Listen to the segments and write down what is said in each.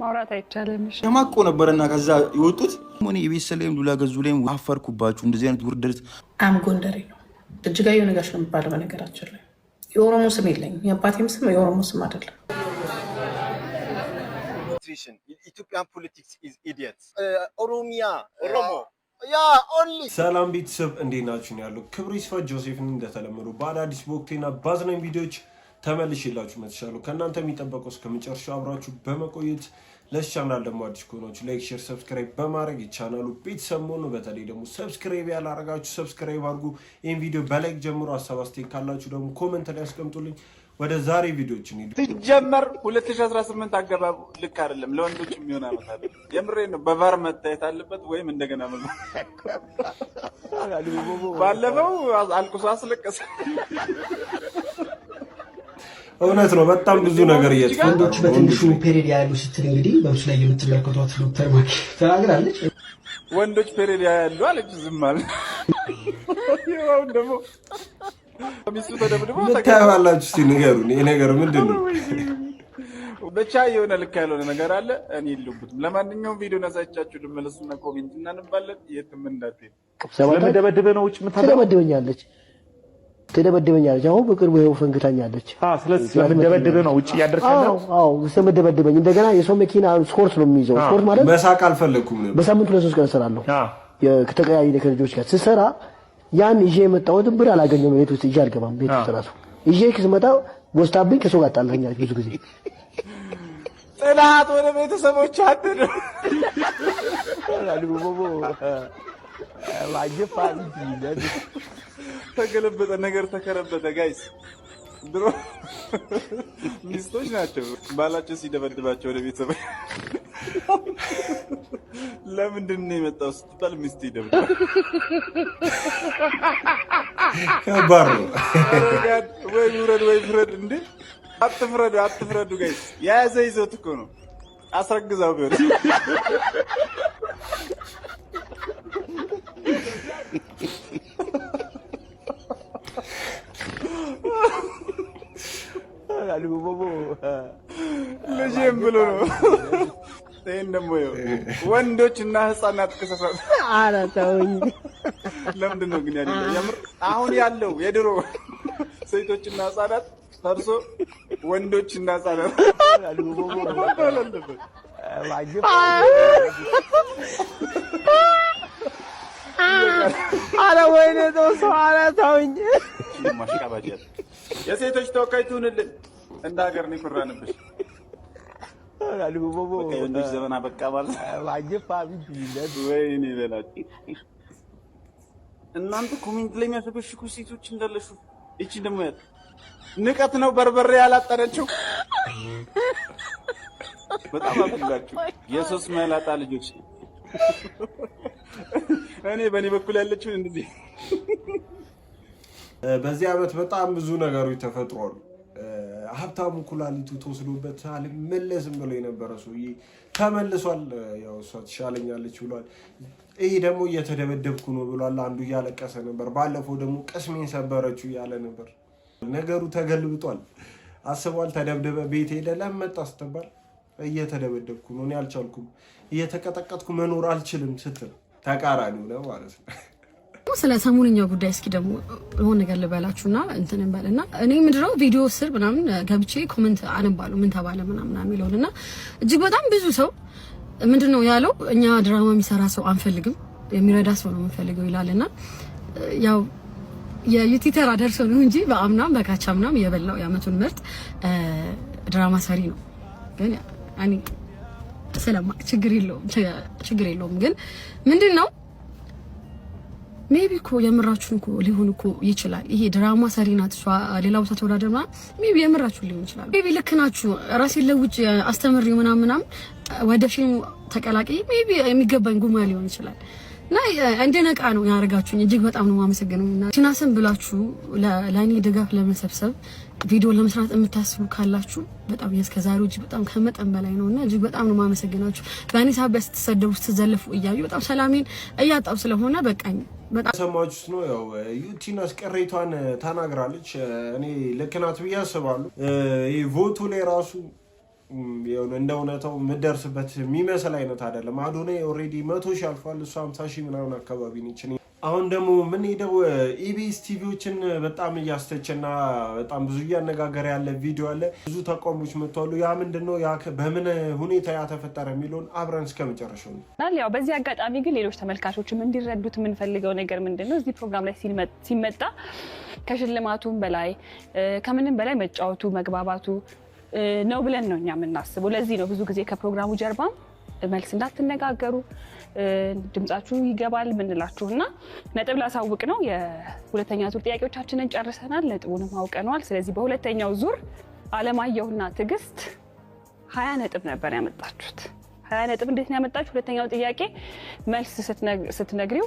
ማውራት አይቻልም። የማቆ ነበረና ከዛ የወጡት ሆነ የቤት ሰላይም ዱላ ገዙ ላይም አፈርኩባችሁ። እንደዚህ አይነት ውርደት አም ጎንደሬ ነው። እጅጋየሁ ነጋሽ ነው የሚባለው። በነገራችን ላይ የኦሮሞ ስም የለኝም። የአባቴም ስም የኦሮሞ ስም አይደለም። ኢትዮጵያን ፖለቲክስ ኢዝ ኢዲየት ኦሮሚያ ኦሮሞ ሰላም ቤተሰብ እንዴት ናችሁ? ያለው ክብሩ ይስፋ ጆሴፍን እንደተለመዱ በአዳዲስ በወቅቴና ባዝናኝ ቪዲዮዎች ተመልሼላችሁ መጥቻለሁ። ከእናንተ የሚጠበቀው እስከ መጨረሻው አብራችሁ በመቆየት ለዚህ ደግሞ አዲስ ከሆናችሁ ላይክ፣ ሼር፣ ሰብስክራይብ በማድረግ የቻናሉ ቤተሰብ መሆኑ በተለይ ደግሞ ሰብስክራይብ ያላረጋችሁ ሰብስክራይብ አድርጉ። ይህን ቪዲዮ በላይክ ጀምሮ ሀሳብ አስተያየት ካላችሁ ደግሞ ኮመንት ላይ ያስቀምጡልኝ። ወደ ዛሬ ሄዱ። ሲጀመር 2018 አገባብ ልክ አይደለም። ለወንዶች የሚሆን አመት አለ። የምሬ ነው። በቫር መታየት አለበት ወይም እንደገና መ ባለፈው አልቅሶ አስለቀሰ። እውነት ነው። በጣም ብዙ ነገር እየተፈጠረ ወንዶቹ በትንሹ ፔሬድ ያሉ ስትል እንግዲህ በምስሉ ላይ የምትመለከቷት ዶክተር ማኪ ተናግራለች። ወንዶች ፔሬድ ያሉ አለች። ዝም አለ። ይኸው ደግሞ ሚስቱ ተደብድቦ ታያላችሁ። እስኪ ንገሩን፣ ይሄ ነገር ምንድን ነው? ብቻ የሆነ ልክ ያልሆነ ነገር አለ። እኔ የለሁበትም። ለማንኛውም ቪዲዮ ነሳቻችሁ ልመለሱና ኮሜንት እናንባለን። የትም እንዳትሄድ። ለመደበድበ ነው ውጭ ምታደበድበኛለች ትደበድበኛለች። አሁን በቅርቡ ይኸው ፈንግታኛለች። ስለምደበድብ ነው ውጭ እያደርክ ስለምደበድበኝ። እንደገና የሰው መኪና ስፖርት ነው የሚይዘው። ስፖርት ማለት መሳቅ አልፈለግኩም። በሳምንት ሁለት ሶስት ቀን እሰራለሁ ከተቀያየ ከልጆች ጋር ስሰራ ያን ይዤ የመጣሁትን ብር አላገኘሁም። ቤት ውስጥ ይዤ አልገባም። ቤት ውስጥ ራሱ ይዤ ስመጣ ወስታብኝ ከሰው ጋር ጣልተኛለች ብዙ ጊዜ ጥላት ወደ ቤተሰቦች አትድ ማጀፋ ተገለበጠ ነገር ተከረበጠ ጋይስ ድሮ ሚስቶች ናቸው ባላቸው ሲደበድባቸው ወደ ቤተሰብ ለምንድን ነው የመጣው ስትባል ሚስት ይደብዳል። ከባድ ነው ወይ ውረድ ወይ ፍረድ። እንዴ አትፍረዱ፣ አትፍረዱ ጋይስ የያዘ ይዘት እኮ ነው። አስረግዛው ቢሆን ይላሉ። ቦቦ ልጄም ብሎ ነው። ይህን ደግሞ ወንዶች እና ህፃናት ቅሰሳት። ኧረ ተውኝ። ለምንድን ነው ግን ያለ የምር አሁን ያለው የድሮ ሴቶች እና ህፃናት ፈርሶ ወንዶች እና ህፃናት አረ ወይኔ ተው ሰው፣ አረ ተውኝ። የሴቶች ተወካይ ትሁንልን። እንደ ሀገር ነው የኮራንብሽ። ወንዶች ዘመን አበቃ ማለት ወይኔ እናንተ ኮሜንት ላይ የሚያሸበሽኩ ሴቶች እንዳለሹ እቺ ደግሞ ያት ንቀት ነው በርበሬ ያላጠረችው። በጣም አቁላችሁ የሶስት መላጣ ልጆች። እኔ በእኔ በኩል ያለችው እንደዚህ በዚህ አመት በጣም ብዙ ነገሮች ተፈጥሯሉ። ሀብታሙ ኩላሊቱ ተወስዶበታል መለስም ብሎ የነበረ ሰውዬ ተመልሷል። ያው እሷ ትሻለኛለች ብሏል። ይህ ደግሞ እየተደበደብኩ ነው ብሏል። አንዱ እያለቀሰ ነበር። ባለፈው ደግሞ ቅስሜን ሰበረችው እያለ ነበር። ነገሩ ተገልብጧል። አስቧል። ተደብደበ። ቤት ሄደ። ለመጣ ስትባል እየተደበደብኩ ነው፣ እኔ አልቻልኩም፣ እየተቀጠቀጥኩ መኖር አልችልም ስትል ተቃራኒ ነው ማለት ነው። ስለ ሰሞንኛ ጉዳይ እስኪ ደግሞ የሆነ ነገር ልበላችሁና እንትን እንበልና እኔ ምድረው ቪዲዮ ስር ምናምን ገብቼ ኮመንት አነባሉ ምን ተባለ ምናምን የሚለውን እና እጅግ በጣም ብዙ ሰው ምንድን ነው ያለው፣ እኛ ድራማ የሚሰራ ሰው አንፈልግም፣ የሚረዳ ሰው ነው የምንፈልገው ይላል እና ያው የዩቲተር አደርሶ ነው እንጂ በአምናም በካቻ ምናም የበላው የአመቱን ምርጥ ድራማ ሰሪ ነው። ግን እኔ ስለማ ችግር የለውም ችግር የለውም ግን ምንድን ነው ሜቢ እኮ የምራችሁን እኮ ሊሆን እኮ ይችላል። ይሄ ድራማ ሰሪ ናት እሷ ሌላ ቦታ ተወዳደር ምናምን ሜቢ የምራችሁን ሊሆን ይችላል። ሜቢ ልክ ናችሁ። ራሴን ለውጭ አስተምሬው ምናምን ምናምን ወደ ፊልሙ ተቀላቂ ሜቢ የሚገባኝ ጉማ ሊሆን ይችላል። እና ነቃ ነው ያደረጋችሁኝ። እጅግ በጣም ነው የማመሰግነው። እና ቲናስን ብላችሁ ለእኔ ድጋፍ ለመሰብሰብ ቪዲዮ ለመስራት የምታስቡ ካላችሁ በጣም እስከ ዛሬው እጅግ በጣም ከመጠን በላይ ነው እና እጅግ በጣም ነው የማመሰግናችሁ። በእኔ ሳቢያ ስትሰደቡ ስትዘለፉ እያዩ በጣም ሰላሜን እያጣው ስለሆነ በቃኝ። በጣም ሰማችሁት ነው ያው ቲናስ ቅሬቷን ተናግራለች። እኔ ልክ ናት ብዬ አስባለሁ። ይህ ቮቱ ላይ ራሱ የሆነ እንደ የምደርስበት የሚመስል አይነት አይደለም። አዶናይ ኦልሬዲ መቶ ሺ አልፏል። እሱ ሀምሳ ሺ ምናምን አካባቢ ነች። አሁን ደግሞ የምንሄደው ኢቢኤስ ቲቪዎችን በጣም እያስተችና በጣም ብዙ እያነጋገር ያለ ቪዲዮ አለ። ብዙ ተቋሞች መጥተዋሉ። ያ ምንድን ነው? በምን ሁኔታ ያተፈጠረ የሚለውን አብረን እስከ መጨረሻው ነው። ያው በዚህ አጋጣሚ ግን ሌሎች ተመልካቾችም እንዲረዱት የምንፈልገው ነገር ምንድን ነው? እዚህ ፕሮግራም ላይ ሲመጣ ከሽልማቱም በላይ ከምንም በላይ መጫወቱ መግባባቱ ነው ብለን ነው እኛ የምናስበው። ለዚህ ነው ብዙ ጊዜ ከፕሮግራሙ ጀርባም መልስ እንዳትነጋገሩ ድምጻችሁ ይገባል የምንላችሁ እና ነጥብ ላሳውቅ ነው። የሁለተኛ ዙር ጥያቄዎቻችንን ጨርሰናል፣ ነጥቡንም አውቀነዋል። ስለዚህ በሁለተኛው ዙር አለማየሁና ትዕግስት ሀያ ነጥብ ነበር ያመጣችሁት። ሀያ ነጥብ እንዴት ነው ያመጣችሁ? ሁለተኛው ጥያቄ መልስ ስትነግሪው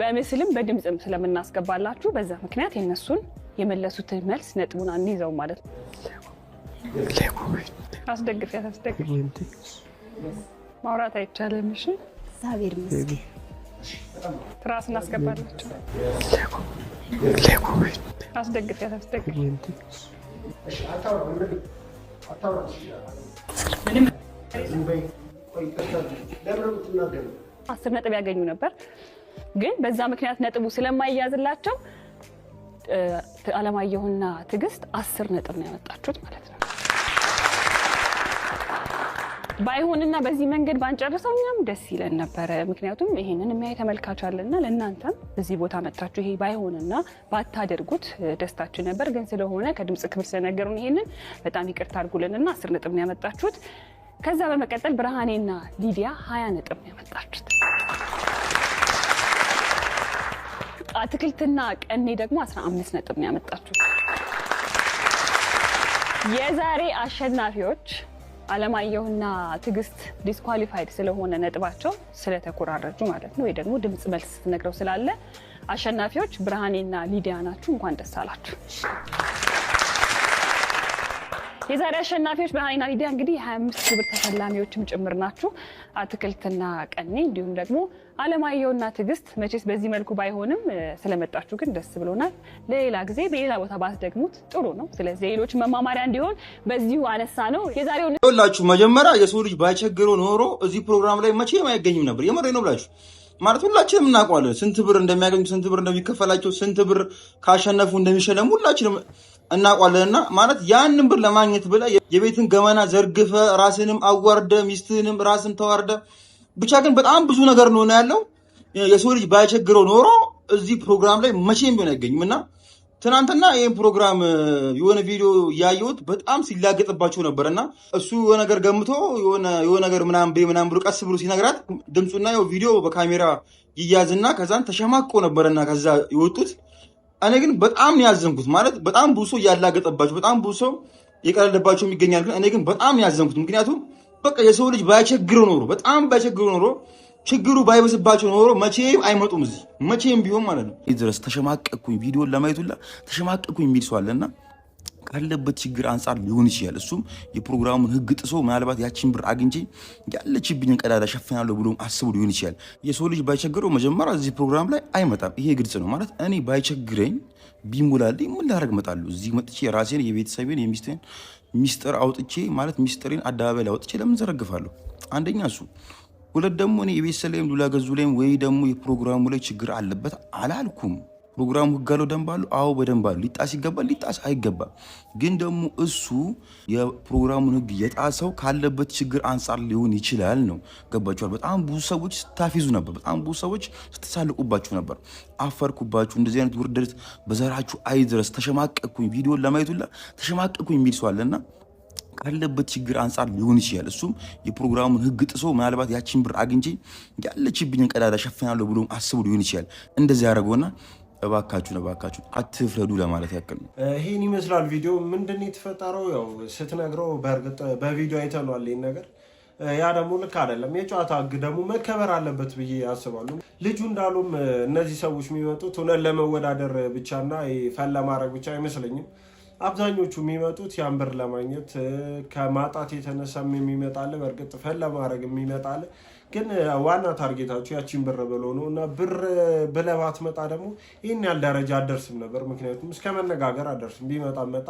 በምስልም በድምፅም ስለምናስገባላችሁ በዛ ምክንያት የነሱን የመለሱትን መልስ ነጥቡን አንይዘው ማለት ነው። አስደግፊያት አስደግፊያት። ማውራት አይቻልም። እሺ እግዚአብሔር ይመስገን። ትራስ እናስገባላቸው። አስደግፊያት አስደግፊያት። አስር ነጥብ ያገኙ ነበር፣ ግን በዛ ምክንያት ነጥቡ ስለማይያዝላቸው አለማየሁና ትዕግስት አስር ነጥብ ነው ያመጣችሁት ማለት ነው። ባይሆንና በዚህ መንገድ ባንጨርሰው እኛም ደስ ይለን ነበረ። ምክንያቱም ይሄንን የሚያይ ተመልካች አለና ለእናንተም እዚህ ቦታ መጥታችሁ ይሄ ባይሆንና ባታደርጉት ደስታችሁ ነበር። ግን ስለሆነ ከድምፅ ክፍል ስለነገሩን ይሄንን በጣም ይቅርታ አድርጉልንና አስር ነጥብ ነው ያመጣችሁት። ከዛ በመቀጠል ብርሃኔና ሊዲያ ሀያ ነጥብ ነው ያመጣችሁት። አትክልትና ቀኔ ደግሞ 15 ነጥብ ነው ያመጣችሁት። የዛሬ አሸናፊዎች አለማየሁና ትዕግስት ዲስኳሊፋይድ ስለሆነ ነጥባቸው ስለተኮራረጁ ማለት ነው ወይ ደግሞ ድምፅ መልስ ስትነግረው ስላለ አሸናፊዎች ብርሃኔና ሊዲያ ናችሁ። እንኳን ደስ አላችሁ። የዛሬ አሸናፊዎች በሀኒና ሊዲያ እንግዲህ የ25 ሺህ ብር ተሸላሚዎችም ጭምር ናችሁ። አትክልትና ቀኔ እንዲሁም ደግሞ አለማየሁና ትዕግስት መቼስ በዚህ መልኩ ባይሆንም ስለመጣችሁ ግን ደስ ብሎናል። ለሌላ ጊዜ በሌላ ቦታ ባስደግሙት ጥሩ ነው። ስለዚህ ሌሎች መማማሪያ እንዲሆን በዚሁ አነሳ ነው የዛሬው ሁላችሁ። መጀመሪያ የሰው ልጅ ባይቸግረው ኖሮ እዚህ ፕሮግራም ላይ መቼም አይገኝም ነበር። የመሬ ነው ብላችሁ ማለት ሁላችንም እናውቀዋለን፣ ስንት ብር እንደሚያገኙ፣ ስንት ብር እንደሚከፈላቸው፣ ስንት ብር ካሸነፉ እንደሚሸለሙ ሁላችንም እናቋለንና ማለት ያንን ብር ለማግኘት ብለ የቤትን ገመና ዘርግፈ ራስንም አዋርደ ሚስትንም ራስን ተዋርደ ብቻ ግን በጣም ብዙ ነገር ነሆነ ያለው። የሰው ልጅ ባይቸግረው ኖሮ እዚህ ፕሮግራም ላይ መቼም ቢሆን አይገኝም። እና ትናንትና ይህን ፕሮግራም የሆነ ቪዲዮ ያየሁት በጣም ሲላገጥባቸው ነበር። እና እሱ የሆነ ነገር ገምቶ የሆነ ነገር ምናም ቤ ምናም ብሎ ቀስ ብሎ ሲነግራት ድምፁና ቪዲዮ በካሜራ ይያዝና ከዛን ተሸማቆ ነበረና ከዛ የወጡት እኔ ግን በጣም ነው ያዘንኩት ማለት በጣም ብዙ ሰው እያላገጠባቸው በጣም ብዙ ሰው የቀለለባቸው ይገኛል። ግን እኔ ግን በጣም ያዘንኩት ምክንያቱም በቃ የሰው ልጅ ባያቸግረው ኖሮ በጣም ባያቸግረው ኖሮ ችግሩ ባይበስባቸው ኖሮ መቼም አይመጡም እዚህ መቼም ቢሆን ማለት ነው። ድረስ ተሸማቀቅኩኝ ቪዲዮን ለማየቱላ ተሸማቀቅኩኝ የሚል ሰው አለና ካለበት ችግር አንጻር ሊሆን ይችላል። እሱም የፕሮግራሙን ህግ ጥሶ ምናልባት ያችን ብር አግኝቼ ያለችብኝን ቀዳዳ ሸፍናለሁ ብሎ አስቡ ሊሆን ይችላል። የሰው ልጅ ባይቸግረው መጀመሪያ እዚህ ፕሮግራም ላይ አይመጣም። ይሄ ግልጽ ነው። ማለት እኔ ባይቸግረኝ ቢሞላልኝ ምን ላደርግ እመጣለሁ? እዚህ መጥቼ የራሴን የቤተሰቤን የሚስቴን ሚስጥር አውጥቼ ማለት ሚስጥሬን አደባባይ ላይ አውጥቼ ለምን ዘረግፋለሁ? አንደኛ እሱ ሁለት ደግሞ እኔ የቤተሰብ ላይም ዱላ ገዙ ላይም ወይ ደግሞ የፕሮግራሙ ላይ ችግር አለበት አላልኩም። ፕሮግራሙ ህግ አለው፣ ደንብ አለው። አዎ በደንብ አለው። ሊጣስ ይገባል፣ ሊጣስ አይገባም። ግን ደግሞ እሱ የፕሮግራሙን ህግ የጣሰው ካለበት ችግር አንጻር ሊሆን ይችላል ነው። ገባችኋል? በጣም ብዙ ሰዎች ስታፊዙ ነበር። በጣም ብዙ ሰዎች ስትሳልቁባችሁ ነበር። አፈርኩባችሁ፣ እንደዚህ አይነት ውርደት በዘራችሁ አይድረስ፣ ተሸማቀቅኩኝ፣ ቪዲዮን ለማየት ሁላ ተሸማቀቅኩኝ የሚል ሰው አለና ካለበት ችግር አንጻር ሊሆን ይችላል። እሱም የፕሮግራሙን ህግ ጥሶ ምናልባት ያችን ብር አግኝቼ ያለችብኝን ቀዳዳ ሸፍናለሁ ብሎ አስቡ ሊሆን ይችላል እንደዚህ ያደረገውና እባካችሁን እባካችሁን አትፍረዱ ለማለት ያክል ነው። ይህን ይመስላል ቪዲዮ። ምንድን የተፈጠረው ያው ስትነግረው በእርግጥ በቪዲዮ አይተኗል ይህን ነገር ያ ደግሞ ልክ አይደለም። የጨዋታ ህግ ደግሞ መከበር አለበት ብዬ ያስባሉ። ልጁ እንዳሉም እነዚህ ሰዎች የሚመጡት እውነት ለመወዳደር ብቻና ፈን ለማድረግ ብቻ አይመስለኝም። አብዛኞቹ የሚመጡት ያን ብር ለማግኘት ከማጣት የተነሳም የሚመጣል፣ በእርግጥ ፈን ለማድረግ የሚመጣል ግን ዋና ታርጌታቸው ያቺን ብር ብሎ ነው እና ብር ብለህ ባትመጣ ደግሞ ይህን ያህል ደረጃ አደርስም ነበር። ምክንያቱም እስከ መነጋገር አደርስም። ቢመጣም መጣ፣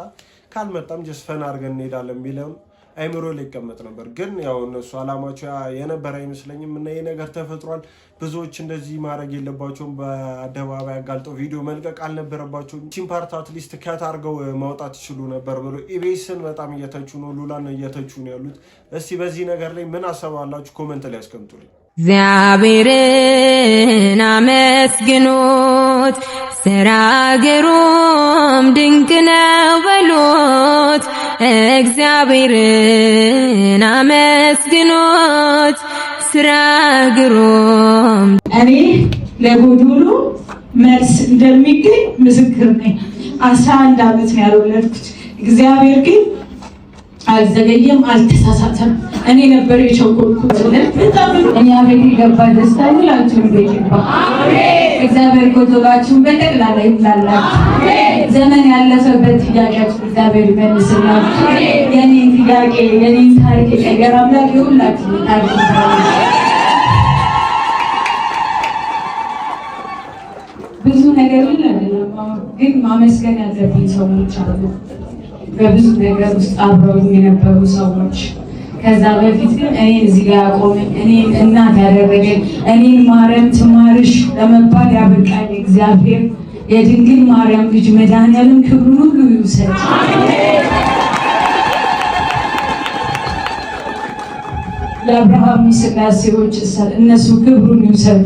ካልመጣም ጀስፈን አድርገን እንሄዳለን የሚለውን አይምሮ ሊቀመጥ ነበር። ግን ያው እነሱ አላማቸው የነበረ አይመስለኝም እና ይህ ነገር ተፈጥሯል። ብዙዎች እንደዚህ ማድረግ የለባቸውም። በአደባባይ አጋልጠው ቪዲዮ መልቀቅ አልነበረባቸውም። ቺምፓርት አትሊስት ከት አድርገው ማውጣት ይችሉ ነበር ብሎ ኢቤስን በጣም እየተቹ ነው፣ ሉላን እየተቹ ነው ያሉት። እስቲ በዚህ ነገር ላይ ምን አሰባላችሁ? ኮመንት ላይ ያስቀምጡልኝ። እግዚአብሔርን አመስግኑት፣ ስራ ግሩም ድንቅ ነው በሉት። እግዚአብሔርን አመስግኑት፣ ስራ ግሩም። እኔ ለጎዶሎ መልስ እንደሚገኝ ምስክር ነኝ። አስራ አንድ ዓመት ነው ያልወለድኩት። እግዚአብሔር ግን አልዘገየም፣ አልተሳሳተም። እኔ ነበር የቸኮልኩት። እኛ ቤት የገባ ደስታ ሁላችሁም ቤት ይግባ። እግዚአብሔር ጎጆላችሁን በጠቅላላ ይብላላችሁ። ዘመን ያለፈበት ጥያቄያችሁ እግዚአብሔር ይመልስና የኔን ጥያቄ የኔን ታሪክ የቀየረ አምላክ የሁላችሁ ታሪክ ብዙ ነገር ግን ማመስገን ያለብኝ ሰዎች አሉ። በብዙ ነገር ውስጥ አብረውኝ የነበሩ ሰዎች ከዛ በፊት ግን እኔን እዚህ ጋር ያቆመኝ እኔን እናት ያደረገኝ እኔን ማርያም ትማርሽ ለመባል ያበቃኝ እግዚአብሔር የድንግል ማርያም ልጅ መድኃኒዓለም ክብሩን ሁሉ ይውሰድ። የአብርሃም ስላሴዎች እነሱ ክብሩን ይውሰዱ።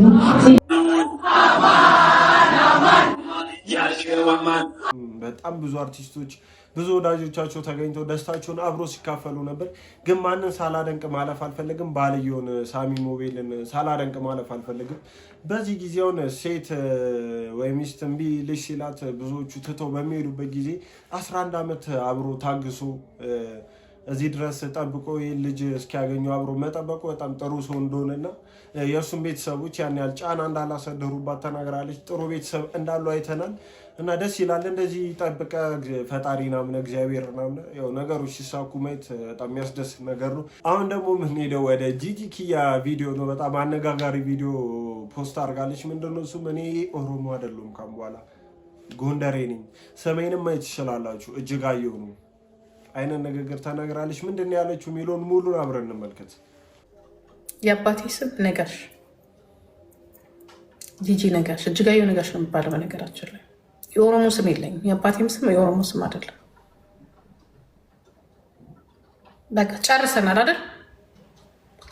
በጣም ብዙ አርቲስቶች ብዙ ወዳጆቻቸው ተገኝተው ደስታቸውን አብሮ ሲካፈሉ ነበር። ግን ማንን ሳላደንቅ ማለፍ አልፈልግም። ባልየውን ሳሚ ሞቤልን ሳላደንቅ ማለፍ አልፈልግም። በዚህ ጊዜውን ሴት ወይ ሚስት እምቢ ልጅ ሲላት ብዙዎቹ ትተው በሚሄዱበት ጊዜ 11 ዓመት አብሮ ታግሶ እዚህ ድረስ ጠብቆ ይህን ልጅ እስኪያገኙ አብሮ መጠበቁ በጣም ጥሩ ሰው እንደሆነና የእሱም ቤተሰቦች ያን ያህል ጫና እንዳላሳደሩባት ተናግራለች። ጥሩ ቤተሰብ እንዳሉ አይተናል። እና ደስ ይላል። እንደዚህ ጠብቀ ፈጣሪ ናምነ እግዚአብሔር ናምነ ያው ነገሮች ሲሳኩ ማየት በጣም የሚያስደስት ነገር ነው። አሁን ደግሞ የምንሄደው ወደ ጂጂ ኪያ ቪዲዮ ነው። በጣም አነጋጋሪ ቪዲዮ ፖስት አድርጋለች። ምንድነው እሱ እሱም እኔ ኦሮሞ አይደለሁም ካም በኋላ ጎንደሬ ነኝ፣ ሰሜንም ማየት ይችላላችሁ፣ እጅጋየሁ ነው አይነት ንግግር ተናግራለች። ምንድን ነው ያለችው የሚለውን ሙሉን አብረን እንመልከት። የአባቴ ስም ነጋሽ ጂጂ ነጋሽ እጅጋየሁ ነጋሽ ነው የሚባለው በነገራችን ላይ የኦሮሞ ስም የለኝም። የአባቴም ስም የኦሮሞ ስም አይደለም። በቃ ጨርሰናል አይደል?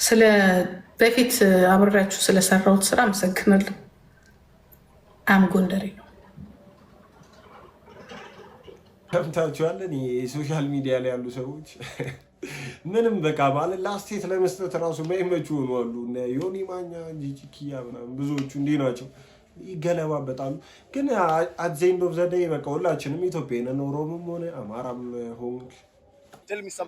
ስለ በፊት አብሬያችሁ ስለሰራሁት ስራ አመሰግናለሁ። አም ጎንደሬ ነው። ከምታችኋለን። የሶሻል ሚዲያ ላይ ያሉ ሰዎች ምንም በቃ ባለ ላስቴት ለመስጠት ራሱ ማይመች ሆኑ አሉ። ዮኒ ማኛ፣ ጂጂ ምናምን ብዙዎቹ እንዲህ ናቸው። ይገለባበጣሉ። ግን አዜንድ ኦፍ ዘደይ በቃ ሁላችንም ኢትዮጵያን ኦሮሞም ሆነ አማራም ሆንክ uh,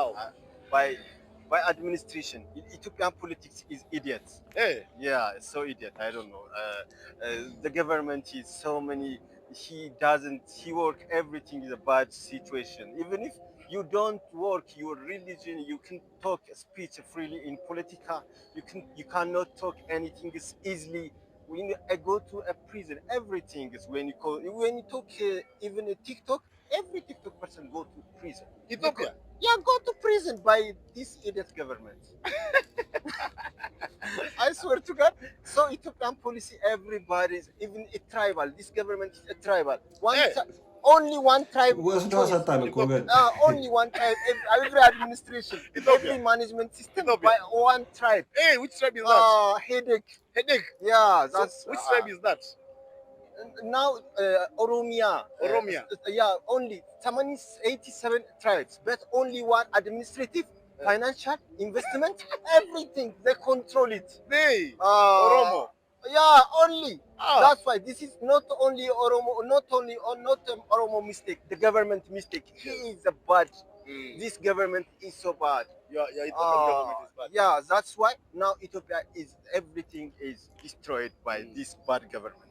uh, by administration. Ethiopian politics is idiots. Hey. Yeah, so idiot. I don't know. Uh, the government is so many. He doesn't. He work. Everything is a bad situation. Even if you don't work your religion. You can talk speech freely in politica. You can you cannot talk anything easily. When I go to a prison, everything is when you call when you talk uh, even a TikTok. Every TikTok person go to prison. Ethiopia. Yeah, go to prison by this idiot government. I swear to God. So Ethiopian policy, everybody's even a tribal. This government is a tribal. One. Hey only one tribe. Uh, only one tribe. Every, uh, every administration, It's every management system, of by one tribe. Hey, which tribe is that? Uh, headache. Headache. Yeah, that's so which uh, tribe is that? Now, uh, Oromia. Uh, Oromia. Uh, yeah, only Tamani 87 tribes, but only one administrative financial investment, everything they control it. They, uh, Oromo. Yeah, only. Oh. That's why this is not only Oromo, not only or not um, Oromo mistake, the government mistake. He is a bad. Mm. This government is so bad. Yeah, yeah, Ethiopian uh, government is bad. Yeah, that's why now Ethiopia is everything is destroyed by mm. this bad government.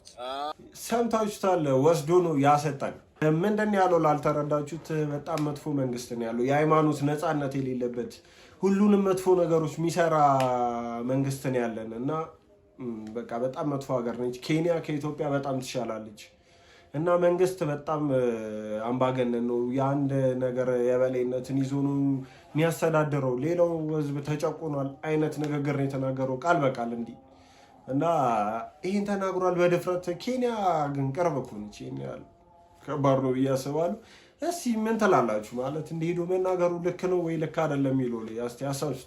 ሰምታችሁታል። ወስዶ ነው ያሰጠን። ምንድን ያለው ላልተረዳችሁት፣ በጣም መጥፎ መንግስት ነው ያለው። የሃይማኖት ነፃነት የሌለበት ሁሉንም መጥፎ ነገሮች የሚሰራ መንግስት ነው ያለን እና በቃ በጣም መጥፎ ሀገር ነች። ኬንያ ከኢትዮጵያ በጣም ትሻላለች። እና መንግስት በጣም አምባገነን ነው። የአንድ ነገር የበላይነትን ይዞ ነው የሚያስተዳድረው። ሌላው ህዝብ ተጨቁኗል አይነት ንግግር ነው የተናገረው ቃል በቃል እንዲህ እና ይህን ተናግሯል በድፍረት። ኬንያ ግን ቅርብ እኮ ነች። ከባድ ነው ብዬ አስባለሁ። እስኪ ምን ትላላችሁ? ማለት እንደሄዱ መናገሩ ልክ ነው ወይ ልክ አይደለም የሚለው ላይ ያሳች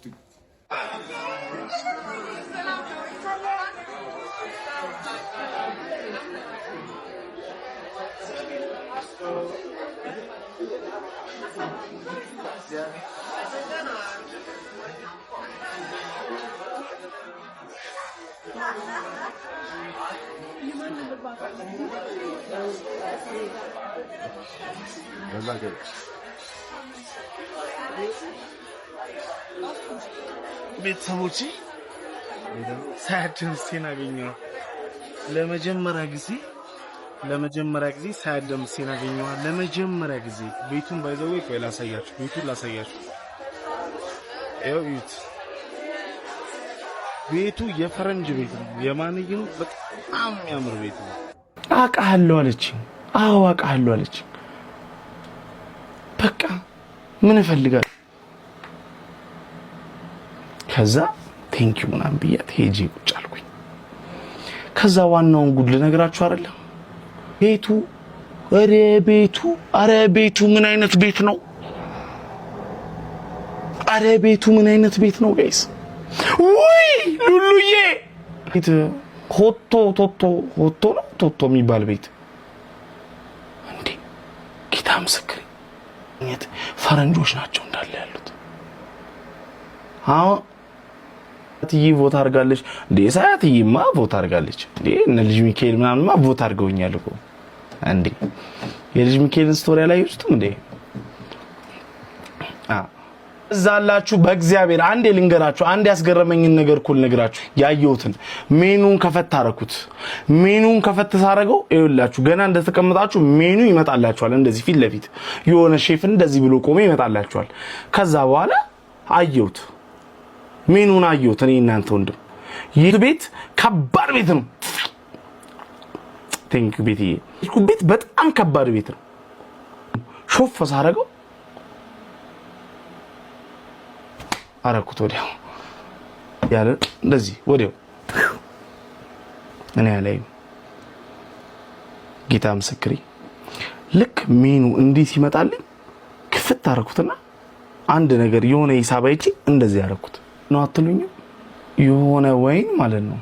ቤተሰቦቼ ሳያድን ምስቴን አገኘዋል። ለመጀመሪያ ጊዜ ለመጀመሪያ ጊዜ ሳያድን ምስቴን አገኘዋል። ለመጀመሪያ ጊዜ ቤቱን ባይዘወይ ቆይ ላሳያችሁ፣ ቤቱን ላሳያችሁ። ይኸው እዩት። ቤቱ የፈረንጅ ቤት ነው። የማንዬ ነው። በጣም የሚያምር ቤት ነው። አውቃለሁ አለችኝ። አዎ አውቃለሁ አለችኝ። በቃ ምን እፈልጋለሁ። ከዛ ቴንኪው ምናምን ብያት ሄጄ ቁጭ አልኩኝ። ከዛ ዋናውን ጉድ ልነግራችሁ አይደለም ቤቱ ኧረ ቤቱ ኧረ ቤቱ ምን አይነት ቤት ነው? ኧረ ቤቱ ምን አይነት ቤት ነው ጋይስ ውይ ሉሉዬ ቤት ሆቶ ቶቶ ሆቶ ነው ቶቶ የሚባል ቤት እንዴ! ጌታ ምስክሬ ፈረንጆች ናቸው እንዳለ ያሉት። አሁን ሳያትዬ ቮት አድርጋለች እንዴ! ሳያትዬማ ቮት አድርጋለች እንዴ! እነ ልጅ ሚካኤል ምናምንማ ቮት አድርገውኛል እኮ እንዴ! የልጅ ሚካኤልን ስቶሪ ላይ ውስጥም እንዴ! እዛ በእግዚአብሔር አንዴ ልንገራችሁ፣ አንድ ያስገረመኝን ነገር እኮ ልነግራችሁ። ያየሁትን ሜኑን ከፈት አረኩት። ሜኑን ከፈት ሳረገው ይኸውላችሁ፣ ገና እንደተቀመጣችሁ ሜኑ ይመጣላችኋል። እንደዚህ ፊት ለፊት የሆነ ሼፍ እንደዚህ ብሎ ቆሞ ይመጣላችኋል። ከዛ በኋላ አየሁት፣ ሜኑን አየሁት። እኔ እናንተ ወንድም ይህ ቤት ከባድ ቤት ነው። ቴንክ ቤት ቤት በጣም ከባድ ቤት ነው። ሾፍ ሳረገው አረኩት ወዲያው ያለ እንደዚህ ወዲያው እኔ ላይ ጌታ ምስክሪ ልክ ሚኑ እንዲህ ሲመጣልኝ ክፍት አረኩትና አንድ ነገር የሆነ ሂሳብ አይቼ እንደዚህ አረኩት ነው አትሉኝም? የሆነ ወይን ማለት ነው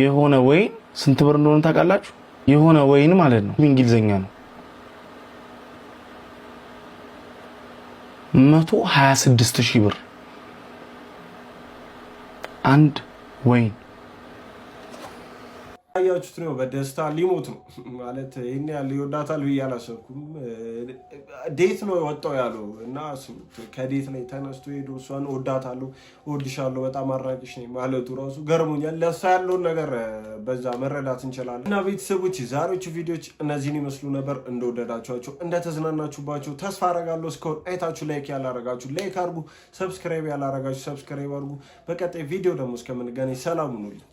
የሆነ ወይን ስንት ብር እንደሆነ ታውቃላችሁ? የሆነ ወይን ማለት ነው እንግሊዘኛ ነው 126000 ብር and when. ያያችሁት ነው። በደስታ ሊሞት ነው ማለት ይህን ያለ ይወዳታል ብዬ አላሰብኩም። ዴት ነው ወጣው ያለው እና ከዴት ላይ ተነስቶ ሄዶ እሷን እወዳታለሁ፣ እወድሻለሁ፣ በጣም አድናቂሽ ነኝ ማለቱ ራሱ ገርሞኛል። ለእሷ ያለውን ነገር በዛ መረዳት እንችላለን። እና ቤተሰቦች ዛሬዎቹ ቪዲዮዎች እነዚህን ይመስሉ ነበር። እንደወደዳችኋቸው እንደተዝናናችሁባቸው ተስፋ አረጋለሁ። እስካሁን አይታችሁ ላይክ ያላረጋችሁ ላይክ አድርጉ፣ ሰብስክራይብ ያላረጋችሁ ሰብስክራይብ አድርጉ። በቀጣይ ቪዲዮ ደግሞ እስከምንገናኝ ሰላም ሁኑልኝ።